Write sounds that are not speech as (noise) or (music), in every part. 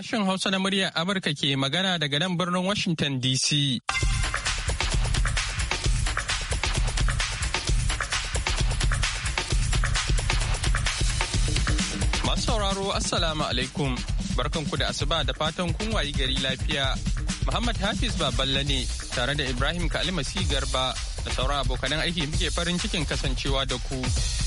Sashen Hausa na muryar Amurka ke magana daga nan birnin Washington DC. Masu sauraro Assalamu alaikum. Barkanku da asuba da fatan kun wayi gari lafiya. Muhammad Hafiz Baballe ne tare da Ibrahim Kalmasi Garba da sauran abokanan aiki muke farin cikin kasancewa da ku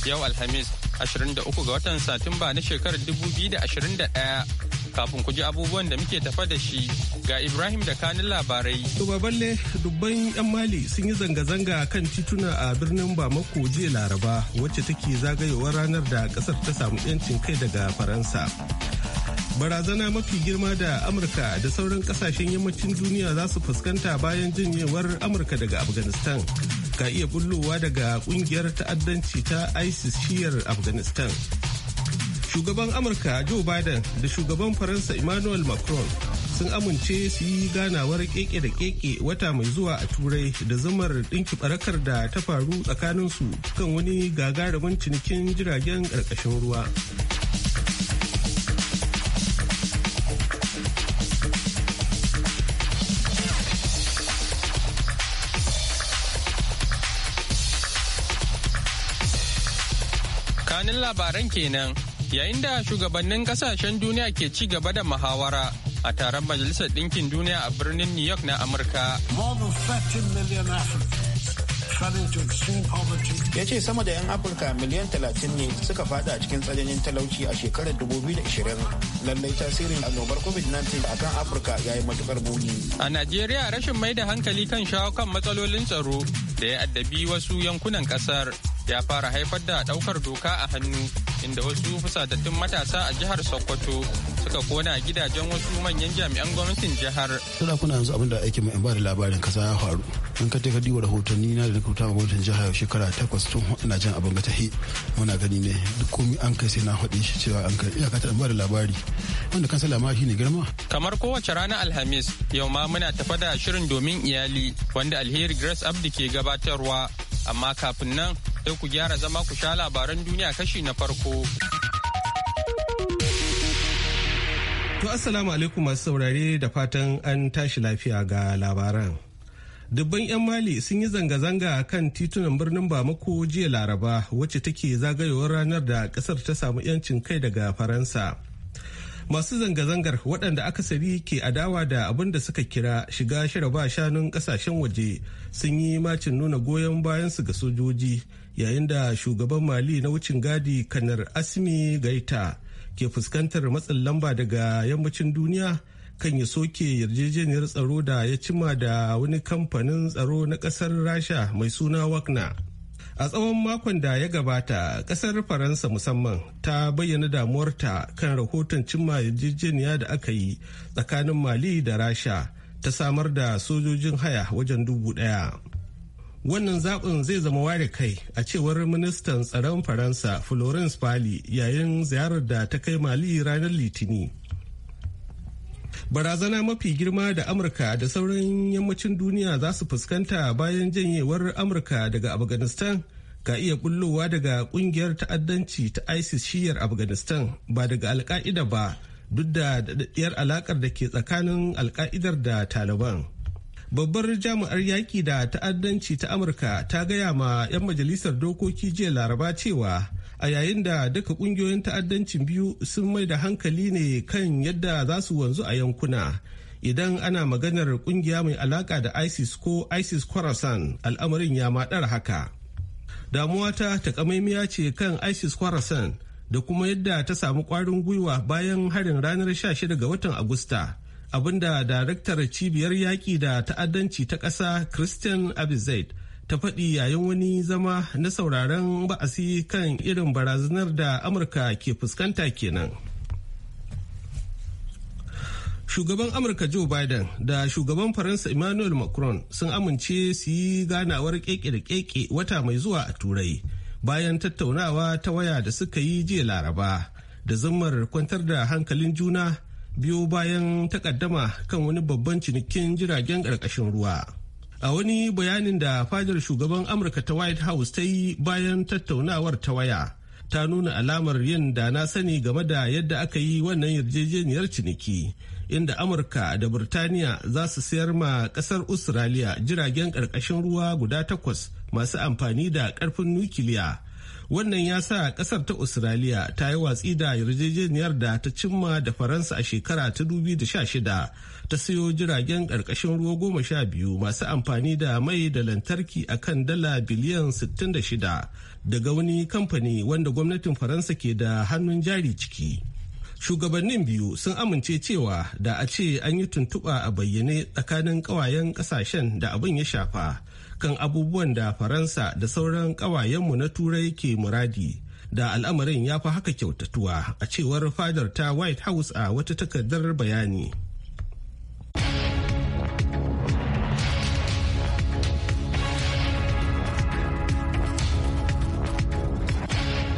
yau Alhamis 23 ga watan Satumba na shekarar 2021 kafin ku ji abubuwan da muke tafa da shi ga Ibrahim da kanin labarai. To balle dubban 'yan Mali sun yi zanga-zanga kan tituna a birnin Bamako jiya Laraba wacce take zagayowar ranar da kasar ta samu 'yancin kai daga Faransa. Barazana mafi girma da Amurka da sauran kasashen yammacin duniya za su fuskanta bayan janyewar Amurka daga Afghanistan. Ka iya bullowa daga kungiyar ta'addanci ta ISIS shiyar Afghanistan. shugaban amurka joe biden da shugaban faransa emmanuel macron sun amince su yi ganawar keke da keke wata mai zuwa a turai da zumar ɗinki barakar da ta faru tsakaninsu kan wani gagarumin cinikin jiragen ƙarƙashin ruwa kanin labaran kenan Yayin da shugabannin kasashen duniya ke ci gaba da muhawara a taron Majalisar Ɗinkin Duniya a birnin New York na Amurka. ya ce sama da 'yan afirka miliyan 30 ne suka fada a cikin tsananin talauci a shekarar 2020 lallai tasirin annobar covid-19 akan afirka ya yi matukar buni a najeriya rashin mai da hankali kan shawo kan matsalolin tsaro da ya addabi wasu yankunan kasar ya fara haifar da daukar doka a hannu inda wasu fusatattun matasa a jihar Sokoto suka kona gidajen wasu manyan jami'an gwamnatin jihar. Tana kuna yanzu abin da ake mai ba da labarin kasa ya faru. In ka ka diwa rahotanni na da rubuta ma gwamnatin jihar shekara takwas tun ina jan abin ta he muna gani ne duk komi an kai sai na faɗi shi cewa an kai iyaka ta ba da labari wanda kansa shi ne girma. Kamar kowace rana Alhamis yau ma muna tafa da shirin domin iyali wanda alheri Grace Abdi ke gabatarwa amma kafin nan sai ku gyara zama ku sha labaran duniya kashi na farko. To Assalamu alaikum masu saurare da fatan an tashi lafiya ga labaran. Dubban 'yan Mali sun yi zanga-zanga kan titunan birnin Bamako jiya Laraba wacce take zagayowar ranar da ƙasar ta samu 'yancin kai daga Faransa. masu zanga-zangar waɗanda aka sari ke adawa da abin da suka kira shiga shira ba shanun ƙasashen waje sun yi macin nuna goyon bayansu ga sojoji yayin da shugaban mali na wucin gadi kanar asmi gaita ke fuskantar matsin lamba daga yammacin duniya kan ya soke yarjejeniyar tsaro da ya cima da wani kamfanin tsaro na ƙasar rasha mai suna wakna a tsawon makon da ya gabata kasar faransa musamman ta bayyana damuwarta kan rahoton cimma yarjejeniya da aka yi tsakanin mali da rasha ta samar da sojojin haya wajen dubu daya wannan zaɓin zai zama ware kai a cewar ministan tsaron faransa florence pali yayin ziyarar da ta kai mali ranar litini. barazana mafi girma da amurka da sauran yammacin duniya za su fuskanta bayan janyewar amurka daga afghanistan ka iya bullowa daga kungiyar ta'addanci ta isis shiyar afghanistan ba daga alka'ida ba duk da daɗaɗɗiyar alakar da ke tsakanin alka'idar da taliban babbar jami'ar yaƙi da ta'addanci ta amurka ta gaya ma 'yan majalisar dokoki jiya laraba cewa a yayin da duka kungiyoyin ta'addancin biyu sun mai da hankali ne kan yadda za su wanzu a yankuna idan ana maganar kungiya mai alaka da isis ko isis khorasan al'amarin ya maɗar haka damuwa ta takamaimiya ce kan isis khorasan da kuma yadda ta samu kwarin gwiwa bayan harin ranar 16 ga watan agusta abinda daraktar cibiyar yaƙi da ta'addanci ta ƙasa christian Abizade. ta faɗi yayin wani zama na sauraron ba'asi kan irin barazanar da amurka ke fuskanta kenan shugaban amurka joe biden da shugaban faransa emmanuel macron sun amince su yi ganawar keke da keke wata mai zuwa a turai bayan tattaunawa ta waya da suka yi jiya laraba da zammar kwantar da hankalin juna biyo bayan takaddama kan wani babban cinikin jiragen ƙarƙashin ruwa. a wani bayanin da fadar shugaban amurka ta white house ta yi bayan tattaunawar ta waya ta nuna alamar yin da na sani game da yadda aka yi wannan yarjejeniyar ciniki inda amurka da Birtaniya za su sayar ma kasar australia jiragen ƙarƙashin ruwa guda takwas masu amfani da ƙarfin nukiliya wannan ya sa kasar ta australia ta yi watsi da yarjejeniyar da ta cimma da faransa a shekara ta 2016 ta siyo jiragen ƙarƙashin ruwa goma sha biyu masu amfani da mai da lantarki a kan dala biliyan 66 daga wani kamfani wanda gwamnatin faransa ke da hannun jari ciki shugabannin biyu sun amince cewa da a ce an yi tuntuɓa a bayyane tsakanin ƙawayen ƙasashen da abin ya shafa dukkan abubuwan da faransa da sauran ƙawayenmu na turai ke muradi da al'amarin ya fi haka kyautatuwa a cewar fadar ta white house a wata takardar bayani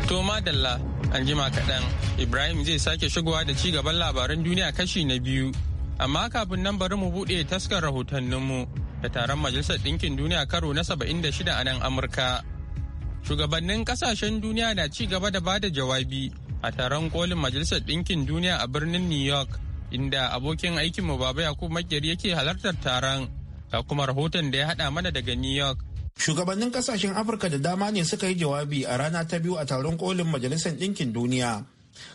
To madalla an jima kaɗan Ibrahim zai sake shigowa da ci gaban labaran duniya kashi na biyu. Amma kafin nan bari mu buɗe taskar rahotanninmu da taron Majalisar Ɗinkin Duniya karo na 76 a nan Amurka. Shugabannin kasashen duniya na ci gaba da bada jawabi a taron kolin Majalisar Ɗinkin Duniya a birnin New York, inda abokin aikinmu Baba Yakubu Makeri yake halartar taron, ga kuma rahoton da ya haɗa mana daga New York. Shugabannin ƙasashen Afirka da dama ne suka yi jawabi a rana ta biyu a taron kolin Majalisar Ɗinkin Duniya.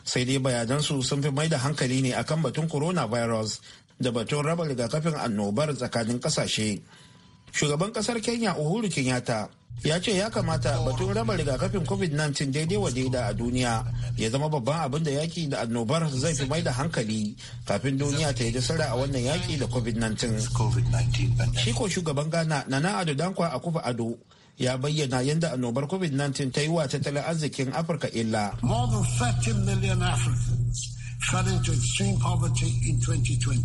Sai dai bayanansu sun fi mai da hankali ne akan batun coronavirus da batun raba rigakafin annobar tsakanin kasashe shugaban kasar kenya uhuru kenyatta ya ce ya kamata batun raba rigakafin covid-19 daidai wa daida a duniya ya zama babban abin da yaki da annobar zai fi mai da hankali kafin duniya ta yi nasara a wannan yaki da covid-19 shi ko shugaban ghana na na ado dankwa a akufa ado ya bayyana yadda annobar covid-19 ta yi wa tattalin arzikin afirka illa more than 30 extreme poverty in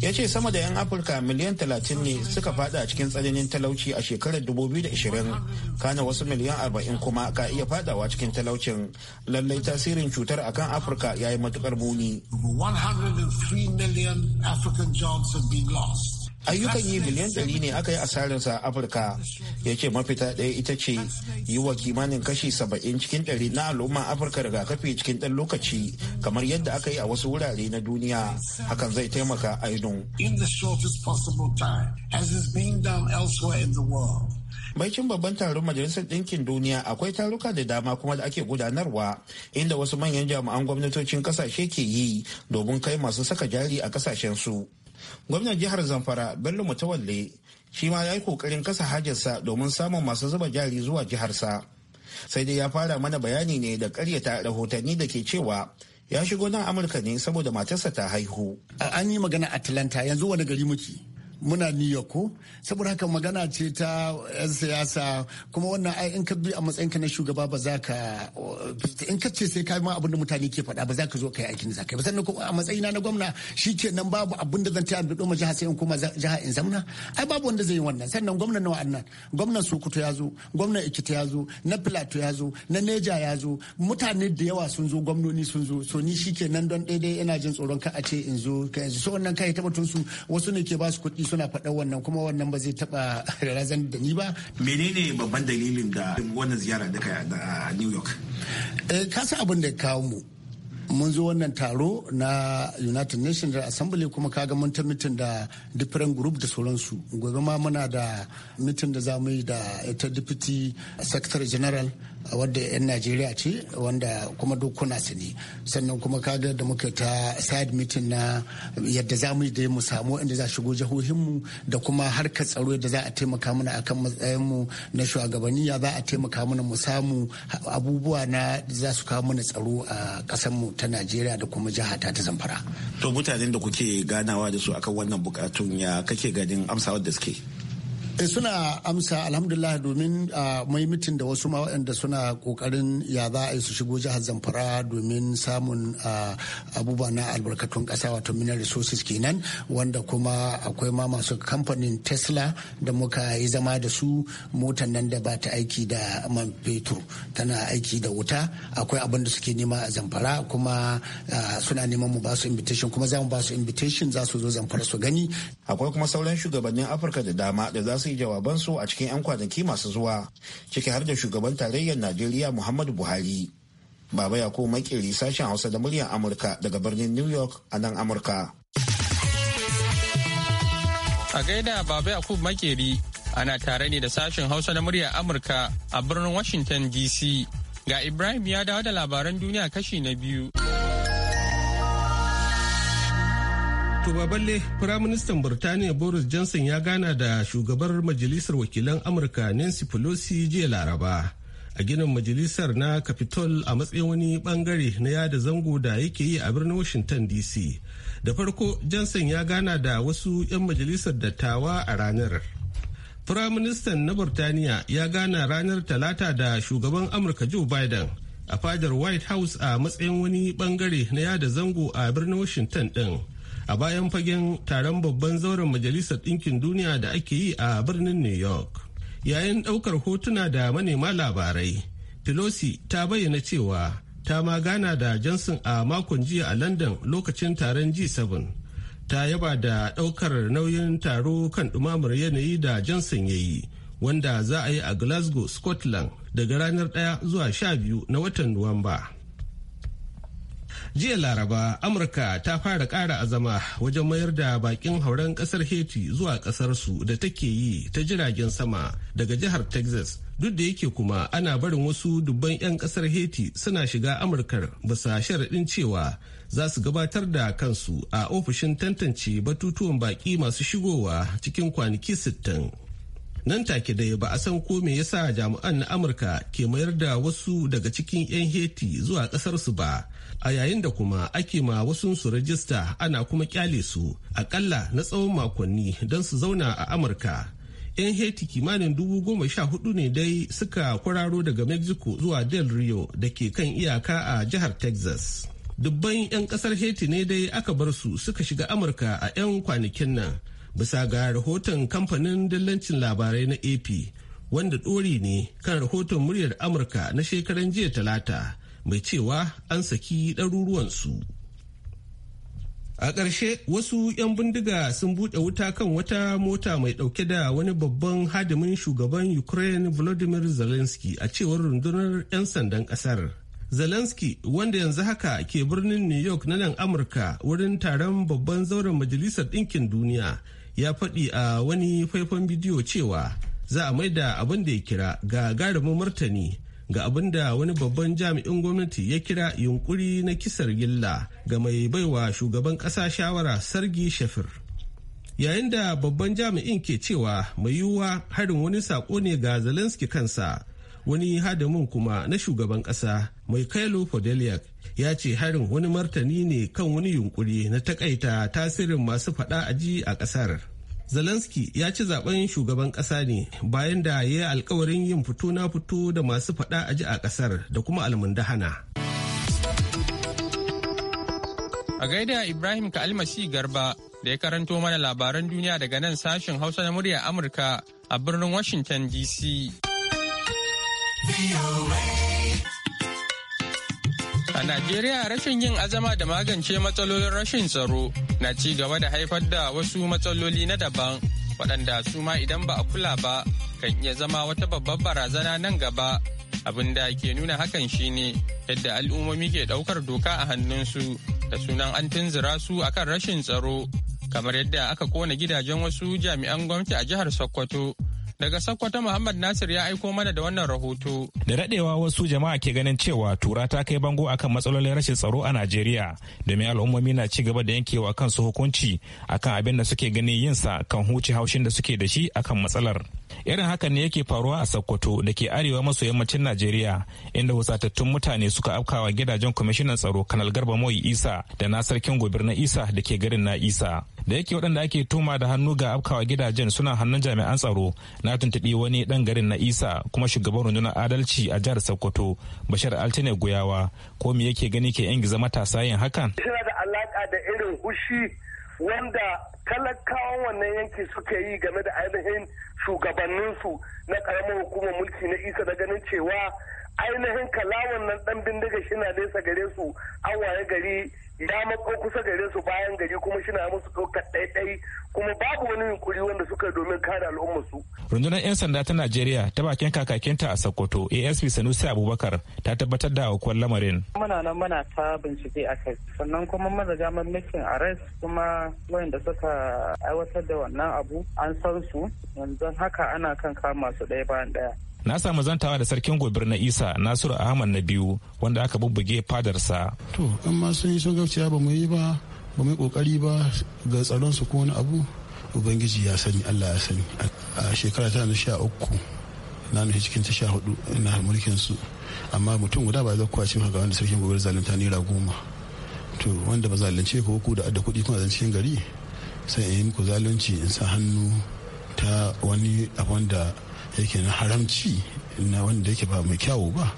ya ce sama da 'yan afirka miliyan 30 ne suka fada cikin tsananin talauci a shekarar 2020 kana wasu miliyan 40 kuma ka iya fadawa cikin talaucin lallai tasirin cutar a kan afirka ya yi matukar muni 103 million african jobs have been lost ayyukan yi miliyan ɗari ne aka yi asararsa a afirka ya ce mafita ɗaya ita ce yi wa kimanin kashi saba'in cikin ɗari na al'umma afirka rigakafi cikin ɗan lokaci kamar yadda aka yi a wasu wurare na duniya hakan zai taimaka ainihin baicin babban taron majalisar ɗinkin duniya akwai taruka da dama kuma da ake gudanarwa inda wasu manyan jami'an gwamnatocin kasashe ke yi domin kai masu saka jari a su. gwamnan jihar zamfara bello mutawalle shi ma ya yi kokarin kasa hajarsa domin samun masu zuba jari zuwa jiharsa sai dai ya fara mana bayani ne da karyata rahotanni da ke cewa ya shigo nan amurka ne saboda matarsa ta haihu an yi magana atlanta yanzu wani gari muke muna new york ko saboda haka magana ce ta 'yan siyasa kuma wannan ai in ka bi a matsayinka na shugaba ba za ka in ka ce sai ka ma abin da mutane ke faɗa ba za ka zo ka yi aikin da za ka yi sannan kuma a matsayina na gwamna shi ke nan babu abin da zan tayar da ɗoma jiha sai in koma jiha in zamna ai babu wanda zai yi wannan sannan gwamnan nawa annan gwamnan sokoto ya zo gwamnan ikita ya zo na plateau ya zo na neja ya zo mutane da yawa sun zo gwamnoni sun zo so ni shi ke nan don daidai ina jin tsoron ka a ce in zo ka yanzu so wannan kai tabbatun su wasu ne ke ba su kuɗi suna faɗan wannan kuma wannan ba zai taɓa (laughs) razan da ni ba. Menene babban dalilin da wannan ziyara da kai a New York? Eh, ka san abin da kawo mu. mun zo wannan taro na united nations assembly kuma kaga mun ta mitin da different group da sauransu gobe ma muna da mitin da za mu yi da ita deputy secretary general wadda 'yan najeriya ce wanda kuma dukuna su ne sannan kuma kaga da muka ta side meeting na yadda za mu da mu samu inda za shigo jihohinmu da kuma harkar tsaro yadda za a taimaka mana akan mu na shugabanni ya za a taimaka mana mu samu abubuwa na za su kawo mana tsaro a ƙasarmu ta najeriya da kuma jiha ta ta zamfara to mutanen da kuke ganawa da su akan wannan bukatun ya kake ganin amsawar da suke Eh, suna amsa alhamdulillah domin ah, mai mitin da wasu ma waɗanda suna kokarin ya za a yi su shigo jihar zamfara domin samun ah, abubuwa na albarkatun kasa wato mineral resources kenan wanda kuma akwai ma masu kamfanin tesla da muka yi zama da su motar nan da ba ta aiki da man fetur tana aiki da wuta akwai abin da suke nema a zamfara kuma ah, suna neman mu ba su invitation kuma za mu ba su invitation za su zo zamfara su gani akwai kuma sauran shugabannin afirka da dama da za su yi jawabansu a cikin 'yan kwanaki masu zuwa ciki har da shugaban tarayyar najeriya muhammadu buhari baba ya Maƙeri makeri sashen hausa da muryar amurka daga birnin new york a nan amurka a gaida baba yakub makeri ana tare ne da sashen hausa na muryar amurka a birnin washington dc ga ibrahim ya dawo da labaran duniya kashi na biyu To ba balle Firaministan Burtaniya Boris Johnson ya gana da shugabar Majalisar Wakilan Amurka Nancy Pelosi jiya Laraba. A ginin majalisar na Capitol a matsayin wani bangare na yada zango da yake yi a birnin Washington DC. Da farko Johnson ya gana da wasu 'yan majalisar dattawa a ranar. Firaministan na Burtaniya ya gana ranar Talata da shugaban Amurka Joe Biden a fadar White House a matsayin wani bangare na yada zango a birnin Washington ɗin. a bayan fagen taron babban zauren majalisar ɗinkin duniya da ake yi a birnin new york yayin ɗaukar hotuna da manema labarai pelosi ta bayyana cewa ta ma gana da johnson a makon jiya a london lokacin taron g7 ta yaba da ɗaukar nauyin taro kan ɗumamar yanayi da johnson ya yi wanda za a yi a glasgow scotland daga ranar ɗaya zuwa sha biyu na watan nuwamba. jiya laraba amurka ta fara ƙara azama wajen mayar da bakin hauren kasar haiti zuwa su da take yi ta jiragen sama daga jihar texas duk da yake kuma ana barin wasu dubban 'yan kasar haiti suna shiga amurkar bisa sharaɗin cewa za su gabatar da kansu a ofishin tantance batutuwan baki masu shigowa cikin kwanaki sittin. nan take dai ba a san ko me yasa jami'an na amurka ke mayar da wasu daga cikin 'yan heti zuwa kasarsu ba a yayin da kuma ake ma wasu su rajista ana kuma kyale su akalla na tsawon makonni don su zauna a amurka yan haiti kimanin dubu goma sha hudu ne dai suka kwararo daga mexico zuwa del rio da ke kan iyaka a jihar texas dubban 'yan kasar haiti ne dai aka bar su suka shiga amurka a 'yan kwanakin nan bisa ga rahoton kamfanin dillancin labarai na ap wanda ɗori ne kan rahoton muryar amurka na shekaran jiya talata mai cewa an saki ɗaruruwansu. A ƙarshe wasu 'yan bindiga sun buɗe wuta kan wata mota mai ɗauke da wani babban hadimin shugaban Ukraine Volodymyr Zelensky a cewar rundunar 'yan sandan ƙasar. Zelensky wanda yanzu haka ke birnin New York na nan Amurka wurin taron babban zauren Majalisar Ɗinkin Duniya ya faɗi a wani faifan bidiyo cewa za a maida abin da ya kira ga gagarumin martani ga abin da wani babban jami'in gwamnati ya kira yunkuri na kisar gilla ga mai baiwa shugaban kasa shawara sargi shafir yayin da babban jami'in ke cewa mai yiwuwa harin wani sako ne ga zelensky kansa wani hadamin kuma na shugaban kasa mai kailo podeliak ya ce harin wani martani ne kan wani yunkuri na takaita tasirin masu faɗa aji a ƙasar Zelensky ya ci zaben shugaban ƙasa ne bayan da ya yi alkawarin yin fito na fito da masu faɗa a ji a ƙasar da kuma almundahana. A gaida Ibrahim Kalmasi Garba da ya karanto mana labaran duniya daga nan sashen Hausa na murya Amurka a birnin Washington DC. A Najeriya rashin yin azama da magance matsalolin rashin tsaro na ci gaba da haifar da wasu matsaloli na daban waɗanda su ma idan ba a kula ba kan iya zama wata babbar barazana nan gaba abin da ke nuna hakan shine yadda al'ummomi ke ɗaukar doka a hannunsu da sunan an tunzura su akan rashin tsaro kamar yadda aka kona gidajen wasu jami'an gwamnati a jihar Sokoto Daga Sokoto Muhammad Nasir ya aiko mana da wannan rahoto. Da daɗewa wasu jama'a ke ganin cewa tura ta kai bango akan matsalolin rashin tsaro a Najeriya domin al'ummomi na ci gaba da yankewa kansu hukunci akan abin da suke ganin yinsa kan huce haushin da suke da shi akan matsalar. irin haka ne yake faruwa a sokoto da ke arewa maso yammacin najeriya inda wasatattun mutane suka afkawa gidajen kwamishinan tsaro kanal garba moyi isa da na sarkin gobir na isa da ke garin na isa da yake waɗanda ake tuma da hannu ga afkawa gidajen suna hannun jami'an tsaro na tuntuɓi wani ɗan garin na isa kuma shugaban rundunar adalci a jihar sokoto bashar altine guyawa ko me yake gani ke yan giza matasa yin hakan yana da alaka da irin hushi wanda talakawan wannan yanki suka yi game da ainihin shugabanninsu na karamin hukumar mulki na isa da ganin cewa ainihin kalawan nan ɗan bindiga na nesa gare su an waye gari ya mako kusa gare su bayan gari kuma shina musu ɗaukar ɗaiɗai kuma babu wani yunkuri wanda suka domin kare al'ummarsu. rundunar 'yan sanda ta najeriya ta bakin kakakinta a sokoto asp sanusi abubakar ta tabbatar da aukuwar lamarin. muna nan muna ta bincike a kai sannan kuma mun riga mun making arrest kuma wayanda suka aiwatar da wannan abu an san su yanzu haka ana kan kama su ɗaya bayan ɗaya. na samu zantawa da sarkin gobir na isa nasiru ahmad na biyu wanda aka bubbuge fadarsa to an ma sun yi sun gauciya ba mu yi ba ba mu yi kokari ba ga tsaron su ko wani abu ubangiji ya sani allah ya sani a shekara ta na sha uku na nufi cikin ta sha hudu ina mulkin su amma mutum guda ba zai kwace ga wanda sarkin gobir zalunta naira goma to wanda ba zalunce ko ku da adda kuɗi zan cikin gari sai in yi muku zalunci in sa hannu ta wani abu wanda. yake na haramci na wanda yake ba mai kyawu ba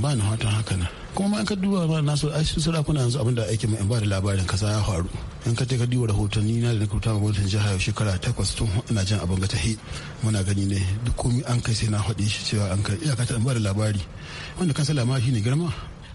ba na fatan haka na kuma ma in ka duba ba na so ai sarakuna yanzu abin da ake in ba da labarin kasa ya faru in ka je ka duba rahotanni na da na kuta ma gwamnatin jiha shekara takwas tun ina jan abin ga tahi muna gani ne duk komi an kai sai na haɗe shi cewa an kai iyaka ta in ba da labari wanda kan salama shi ne girma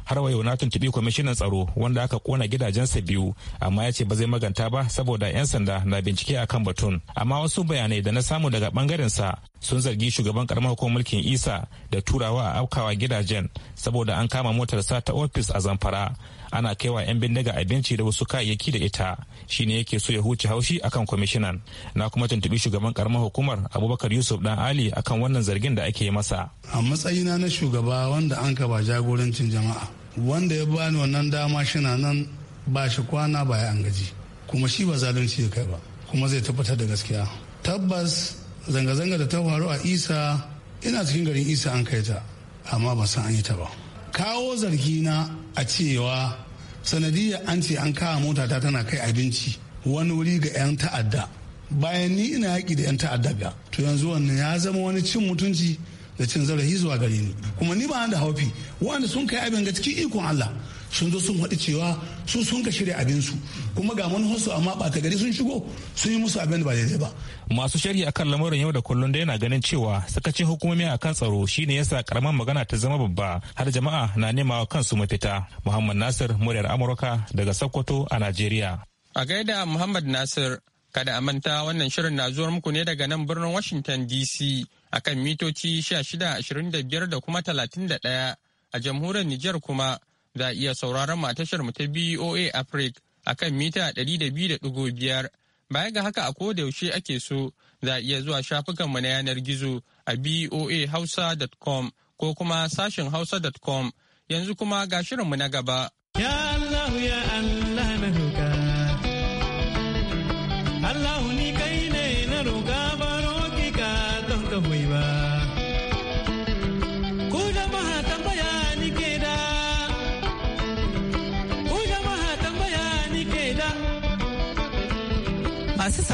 har wa yau na tuntuɓi kwamishinan tsaro wanda aka kona gidajensa biyu amma ya ce ba zai maganta ba saboda 'yan sanda na bincike a kan batun amma wasu bayanai da na samu daga ɓangaren sa sun zargi shugaban karamar hukumar mulkin isa da turawa a afkawa gidajen saboda an kama motarsa ta ofis a zamfara ana kaiwa 'yan bindiga abinci da wasu kayayyaki da ita shine yake so ya huce haushi akan kwamishinan na kuma tuntubi shugaban karamar hukumar abubakar yusuf dan ali akan wannan zargin da ake masa a matsayina na shugaba wanda an ba jagorancin jama'a wanda ya bani wannan dama shina nan ba shi kwana ba ya an gaji kuma shi ba zalunci ya kai ba kuma zai tabbatar da gaskiya tabbas zanga-zanga da ta faru a isa ina cikin garin isa an kai ta amma ba san an yi ta ba kawo na a cewa sanadiyar an ce an kawo motata tana kai abinci wani wuri ga 'yan ta'adda bayan ni ina yaƙi da 'yan ta'adda ga to yanzu wannan ya zama wani cin mutunci da cin zarafi zuwa gare ni kuma ni ba da haufi wanda sun kai abin ga cikin ikon Allah sun zo sun haɗu cewa su sun ka shirya abinsu kuma ga manufarsu amma ta gari sun shigo sun yi musu abin da ba daidai ba. masu sharhi akan lamarin yau da kullum da yana ganin cewa sakacin hukumomi akan tsaro shine yasa karamar magana ta zama babba har jama'a na nema wa kansu mafita muhammad nasir muryar amurka daga sokoto a najeriya. a gaida muhammad nasir kada a manta wannan shirin na zuwa muku ne daga nan birnin washington dc akan mitoci ashirin da kuma da 31 a jamhuriyar niger kuma Za a iya sauraron matashar mu ta BOA Africa a kan mita 200.5. Baya ga haka a koda yaushe ake so za a iya zuwa shafukan mu na yanar gizo a boahausa.com ko kuma sashin hausa.com yanzu kuma ga shirinmu na gaba.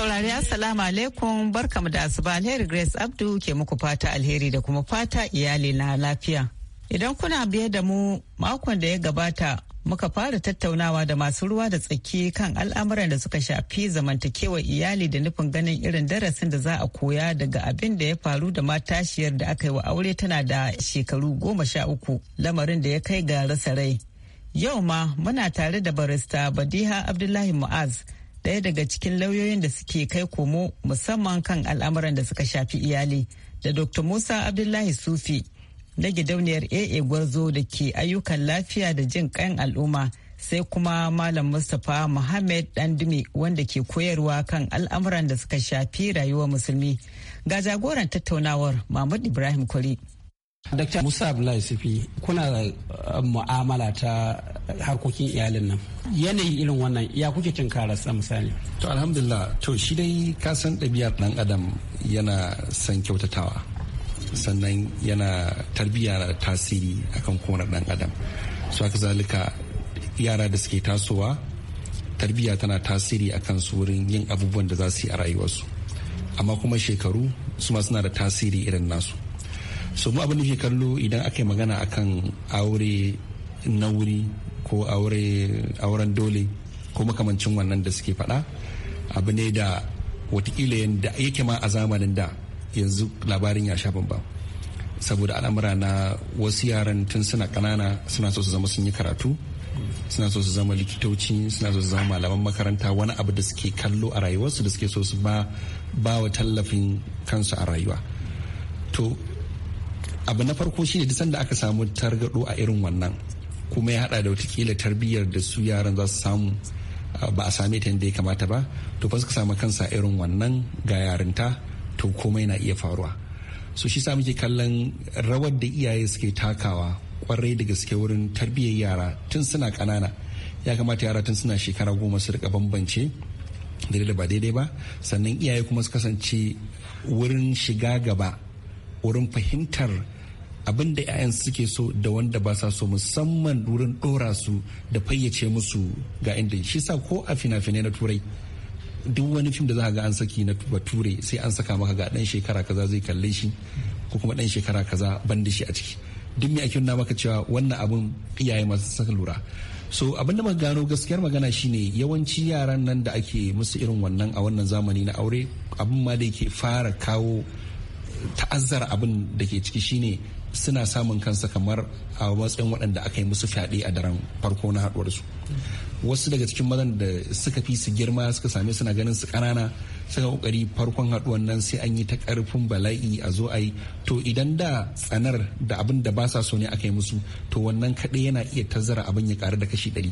saurari assalamu alaikum barkamu da asuba alheri Grace Abdu ke muku fata alheri da kuma fata iyali na lafiya. Idan kuna biye da mu makon da ya gabata muka fara tattaunawa da masu ruwa da tsaki kan al'amuran da suka shafi zamantakewar iyali da nufin ganin irin darasin da za a koya daga abin da ya faru da matashiyar da aka yi wa aure tana da shekaru goma sha uku lamarin da ya kai ga rasa rai. Yau ma muna tare da barista Badiha Abdullahi Mu'az ɗaya daga cikin lauyoyin da suke kai komo musamman kan al'amuran da suka shafi iyali da dr musa abdullahi sufi na gidauniyar aa gwarzo da ke ayyukan lafiya da jin kan al'umma sai kuma malam mustapha muhammad dandumi wanda ke koyarwa kan al'amuran da suka shafi rayuwar musulmi ga jagoran tattaunawar mahmud ibrahim kwari Dakta Musa Abdullahi Sufi kuna eh, mu'amala ta harkokin iyalin nan yanayin irin wannan ya kuke cin karasa misali. To alhamdulillah to shi dai ka san ɗabi'ar ɗan adam yana san kyautatawa sannan yana tarbiyya da tasiri akan kowane ɗan adam su haka zalika yara da suke tasowa tarbiyya tana tasiri akan su wurin yin abubuwan da za su yi a rayuwarsu amma kuma shekaru su ma suna da tasiri irin nasu so mu abin da ke kallo idan aka yi magana akan aure na wuri ko aure auren dole ko makamancin wannan da suke faɗa abu ne da watakila yadda yake ma a zamanin da yanzu labarin ya sha bambam saboda al'amura na wasu yaran tun suna ƙanana suna so su zama sun yi karatu suna so su zama likitoci suna so su zama malaman makaranta wani abu da suke kallo a rayuwarsu da suke so su ba wa tallafin kansu a rayuwa to abu na farko shine duk sanda aka samu targado a irin wannan kuma ya hada da watakila tarbiyyar da su yaran za su samu ah, ba a same ta yadda ya kamata ba to fa suka samu kansa irin wannan ga yarinta to komai na iya faruwa so shi sa muke kallon rawar da iyaye suke takawa kwarai da gaske wurin tarbiyyar yara tun suna kanana ya kamata yara tun suna shekara goma su rika bambance da ba daidai ba sannan iyaye kuma su kasance wurin shiga gaba wurin fahimtar abin da 'ya'yan suke so da wanda ba sa so musamman wurin ɗora su da fayyace musu ga inda shi sa ko a fina-finai na turai duk wani fim da za ga an saki na bature sai an saka maka ga dan shekara kaza zai kalle shi ko kuma dan shekara kaza ban da shi a ciki duk mai ake nuna maka cewa wannan abun iyaye masu saka lura so abin da muka gano gaskiyar magana shine yawanci yaran nan da ake musu irin wannan a wannan zamani na aure abin ma da yake fara kawo ta'azzara abin da ke ciki shine suna samun kansa kamar a matsayin waɗanda aka yi musu fyaɗe a daren farko na haɗuwarsu wasu daga cikin mazan da suka fi su girma suka same suna ganin su ƙanana suka ƙoƙari farkon haɗuwar nan sai an yi ta ƙarfin bala'i a zo a yi to idan da tsanar da abin da ba sa so ne aka yi musu to wannan kaɗai yana iya tazara abin ya ƙaru da kashi ɗari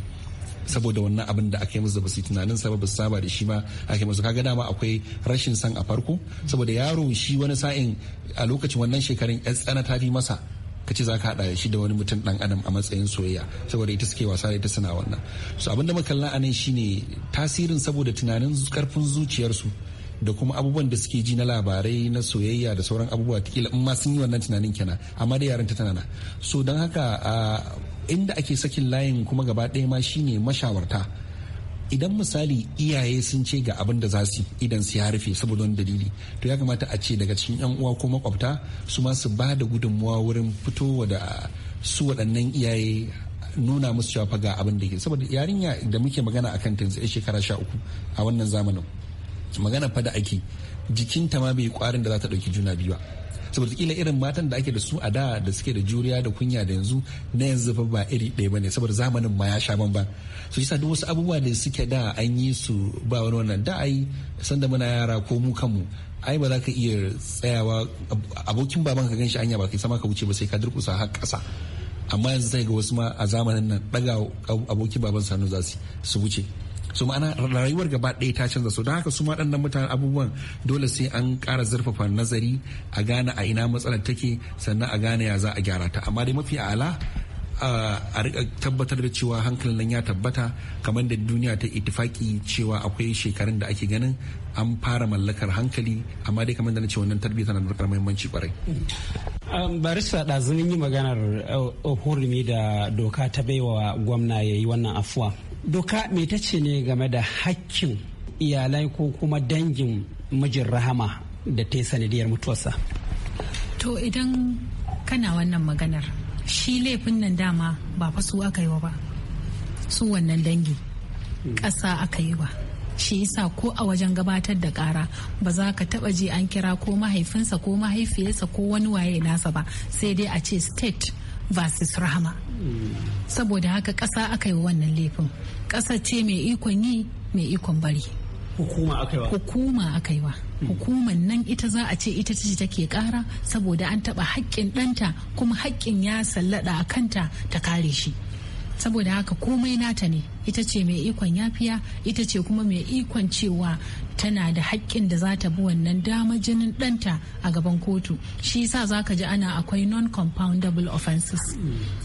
saboda wannan abin da aka yi musu da basu tunanin sa ba saba da shi ma aka yi musu kaga dama akwai rashin san a farko saboda yaro shi wani sa'in a lokacin wannan shekarun yan tsana ta fi masa ka ce za ka haɗa shi da wani mutum ɗan adam a matsayin soyayya saboda ita suke wasa da ita suna wannan so abin da muka a nan shine tasirin saboda tunanin karfin zuciyarsu da kuma abubuwan da suke ji na labarai na soyayya da sauran abubuwa kila in ma sun yi wannan tunanin kenan amma da yaran ta tunana so don haka ah, inda ake sakin layin kuma gaba ɗaya ma shine mashawarta idan misali iyaye sun ce ga abin da za su idan su ya rufe saboda wani dalili to ya kamata a ce daga cikin yan uwa ko makwabta su ma su ba da gudunmuwa wurin fitowa da su waɗannan iyaye nuna musu cewa ga abin da ke saboda yarinya da muke magana a kan tanzu shekara sha uku a wannan zamanin magana fa da ake jikinta ma bai kwarin da za ta ɗauki juna biyu ba saboda kila irin matan da ake da su a da da suke da juriya da kunya da yanzu na yanzu fa ba iri ɗaya bane saboda zamanin ma ya sha bamban su yi duk wasu abubuwa da suke da an yi su ba wani wannan da ai sanda muna yara ko mu kanmu ai ba za ka iya tsayawa abokin baban ka ganshi anya ba kai sama ka wuce ba sai ka durkusa har ƙasa amma yanzu sai ga wasu ma a zamanin nan ɗaga abokin baban sanu za su wuce su ma'ana rayuwar gaba ɗaya ta canza su don haka su ma mutane abubuwan dole sai an ƙara zurfafa nazari a gane a ina matsalar take sannan a gane ya za a gyara ta amma dai mafi ala a rika tabbatar da cewa hankalin nan ya tabbata kamar da duniya ta itifaki cewa akwai shekarun da ake ganin an fara mallakar hankali amma dai kamar da na ce wannan tarbiyya tana da muhimmanci kwarai. Um, barista ɗazumin yi maganar uh, hurumi da doka ta baiwa gwamna ya yi wannan afuwa doka mai ta ce ne game da hakkin iyalai ko kuma dangin mijin rahama da ta yi sanadiyar mutuwarsa to idan kana wannan maganar shi laifin nan dama ba fa su aka yi wa ba su wannan dangi hmm. ƙasa aka yi wa shi yasa ko a wajen gabatar da ƙara ba za ka taba ji an kira ko mahaifinsa ko mahaifiyarsa ko wani waye nasa ba sai dai a ce state versus rahama saboda haka ƙasa aka yi wannan laifin ƙasa ce mai ikon yi mai ikon bari hukuma aka yi wa hukuman nan ita za a ce ita ce take kara saboda an taɓa haƙƙin ɗanta kuma haƙƙin ya sallada a kanta ta kare shi saboda haka komai nata ne ita ce mai ikon yafiya ita ce kuma mai ikon cewa tana da haƙƙin da za ta bi wannan dama jinin ɗanta a gaban kotu shi sa za ka ji ana akwai non-compoundable offenses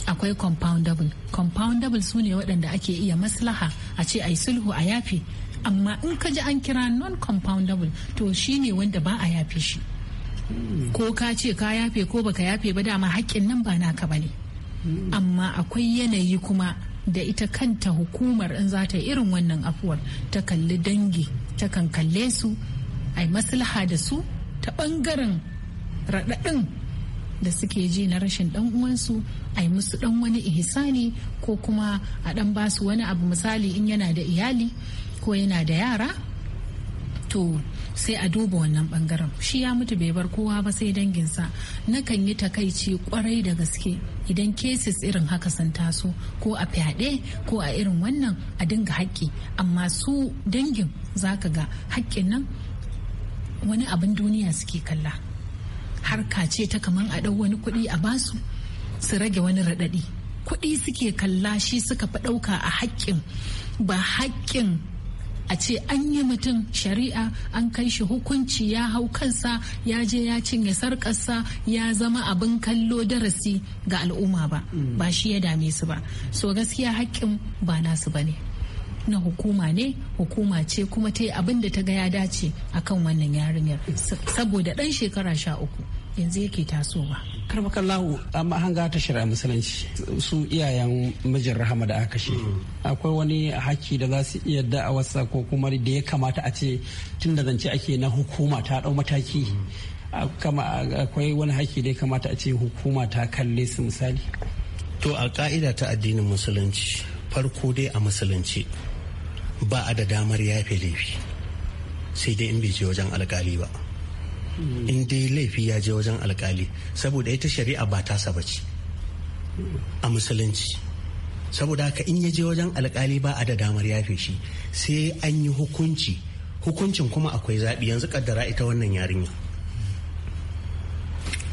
akwai compoundable compoundable su ne waɗanda ake iya maslaha a ce a yi sulhu a yafi amma in ka ji an kira non-compoundable to shi ne wanda ba a yafe shi ko ka ce ka yafe ko baka yafe ba dama haƙƙin nan ba naka ba ne amma akwai yanayi kuma da ita kanta hukumar in za ta irin wannan afuwar ta kalli dangi ta kan kalle su a yi maslaha da su ta bangaren raɗaɗin da suke ji na rashin dan uwansu a yi musu dan wani ihsani ko kuma a dan basu wani abu misali in yana da iyali ko yana da yara to sai a duba wannan bangaren shi ya mutu bai bar kowa ba sai danginsa nakan yi takaici kwarai da gaske idan cases irin haka sun taso ko a fyaɗe ko a irin wannan a dinga haƙƙi amma su dangin zaka ga haƙƙin nan wani abin duniya suke kalla harka ce ta kaman a ɗau wani kuɗi a basu su rage wani raɗaɗi kuɗi suke kalla shi suka fi ɗauka a haƙƙin ba haƙƙin a ce an yi mutum shari'a an kai shi hukunci ya hau kansa ya je ya cinye sarkarsa ya zama abin kallo darasi ga al'umma ba mm. ba shi ya dame su ba so gaskiya haƙƙin ba nasu ba ne na hukuma ne hukuma ce kuma ta yi abin da ta ga ya dace akan wannan yarinyar mm. saboda ɗan shekara sha uku yanzu yake tasowa karfakan Lahu a mahanga ta shari'a musulunci su iyayen mijin rahama da aka shi akwai wani haki da za su iya da'awarsa ko kuma da ya kamata a ce tun da zance ake na hukuma ta dau mataki akwai wani haki da ya kamata a ce hukuma ta kalle su misali to a ka'ida ta addinin musulunci farko dai a musulunci ba a da damar yafe laifi sai dai in bai je wajen alkali ba in dai laifi ya je wajen alkali saboda ita shari'a ba ta saba ci a musulunci saboda haka in ya je wajen alkali ba a da damar yafe shi sai an yi hukunci hukuncin kuma akwai zaɓi yanzu kaddara ita wannan yarinya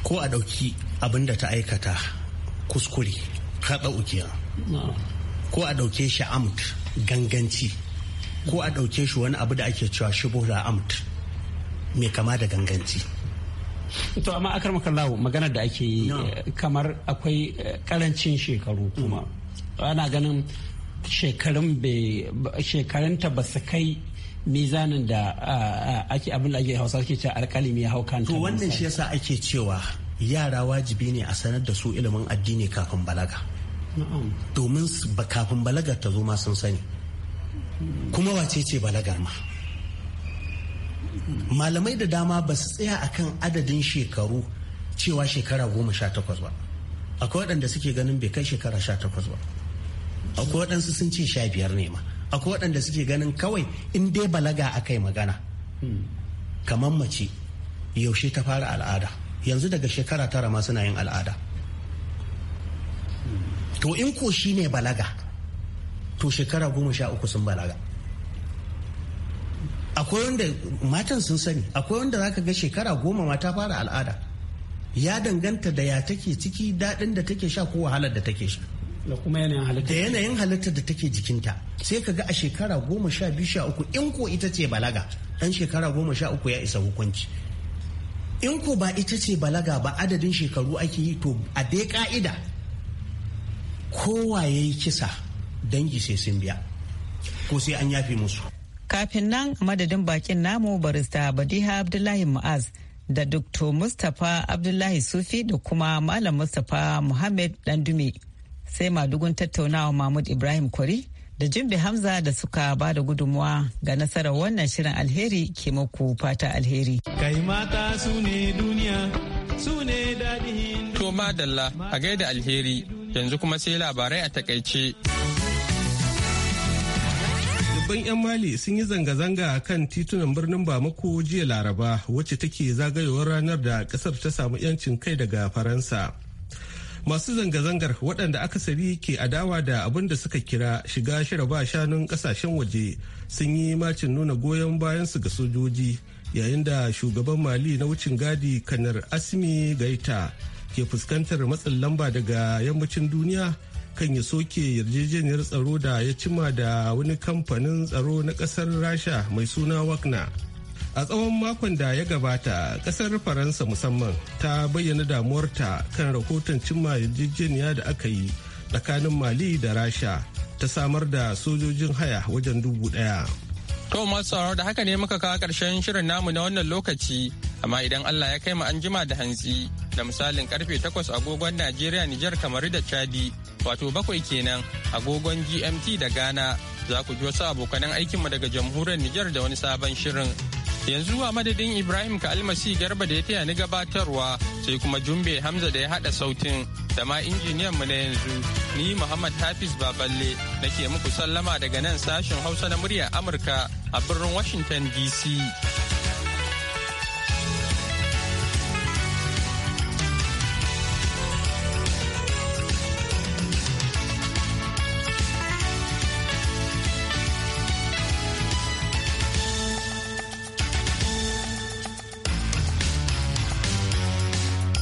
ko a ɗauki abin da ta aikata kuskure kaɗa ukiya ko a ɗauke shi amt ganganci ko a ɗauke shi wani abu da ake cewa shi shubuhra amt mai kama da ganganci to amma akar makallawo maganar da ake yi eh, kamar akwai karancin eh, shekaru kuma mm. ana ganin shekarun shekarunta ba su kai mizanin da ake abin da ake hausa ke ce alkalimi ya hau kanta to wannan shi yasa ake cewa yara wajibi ne a sanar da su ilimin addini kafin balaga domin kafin balagar ta zo ma sun sani kuma wace ce balagar ma malamai da dama ba su tsaya a kan adadin shekaru cewa shekara goma sha takwas ba akwai waɗanda suke ganin bai kai shekara sha takwas ba akwai waɗansu sun ce sha biyar ne ma akwai waɗanda suke ganin kawai in dai balaga aka yi magana kamar mace yaushe ta fara al'ada yanzu daga shekara tara ma suna yin al'ada to in ko shi ne balaga to shekara goma sha uku sun balaga akwai wanda matan sun sani akwai wanda zaka ga shekara goma mata fara al'ada ya danganta da ya take ciki daɗin da take sha ko wahalar da take sha da kuma yanayin halitta da yanayin halitta da take jikinta sai ka ga a shekara goma sha biyu sha uku in ko ita ce balaga ɗan shekara goma sha uku ya isa hukunci in ko ba ita ce balaga ba adadin shekaru ake yi to a dai ka'ida kowa ya yi kisa dangi sai sun biya ko sai an yafi musu Kafin nan a madadin bakin namu barista Badiha Abdullahi Mu'az da Dr. Mustapha Abdullahi Sufi da kuma Malam Mustapha Muhammad Dandume sai madugun tattaunawa Mahmud Ibrahim Kwari da jimbe Hamza da suka ba da gudunmuwa ga nasarar wannan shirin alheri ke muku fata alheri. Kai su ne duniya, su ne daɗin. To madalla a gaida alheri, yanzu kuma sai labarai a takaice. Dubban 'yan Mali sun yi zanga-zanga kan titunan birnin Bamako jiya Laraba wacce take zagayowar ranar da kasar ta samu 'yancin kai daga Faransa. Masu zanga-zangar waɗanda akasari ke adawa da abin da suka kira shiga shira ba shanun ƙasashen waje sun yi macin nuna goyon bayansu ga sojoji yayin da shugaban Mali na wucin gadi kanar Asimi Gaita ke fuskantar matsin lamba daga yammacin duniya kan ya soke yarjejeniyar tsaro da ya cima da wani kamfanin tsaro na kasar rasha mai suna wakna a tsawon makon da ya gabata kasar faransa musamman ta bayyana damuwarta kan rahoton cimma yarjejeniya da aka yi tsakanin mali da rasha ta samar da sojojin haya wajen dubu daya To masu da haka ne muka kawo karshen shirin namu na wannan lokaci, amma idan Allah ya kai mu an jima da hantsi, da misalin karfe 8 agogon Najeriya Nijar kamar da Chadi, wato bakwai kenan agogon GMT da Ghana za ku ji wasu abokanan aikinmu daga jamhuriyar Nijar da wani sabon shirin. Yanzu a madadin Ibrahim ka garba da ya taya ni gabatarwa sai kuma Jumbe Hamza da ya haɗa sautin da ma injiniyan mu na yanzu ni Muhammad Hafiz Baballe nake muku sallama daga nan sashen Hausa na muryar Amurka a birnin Washington DC.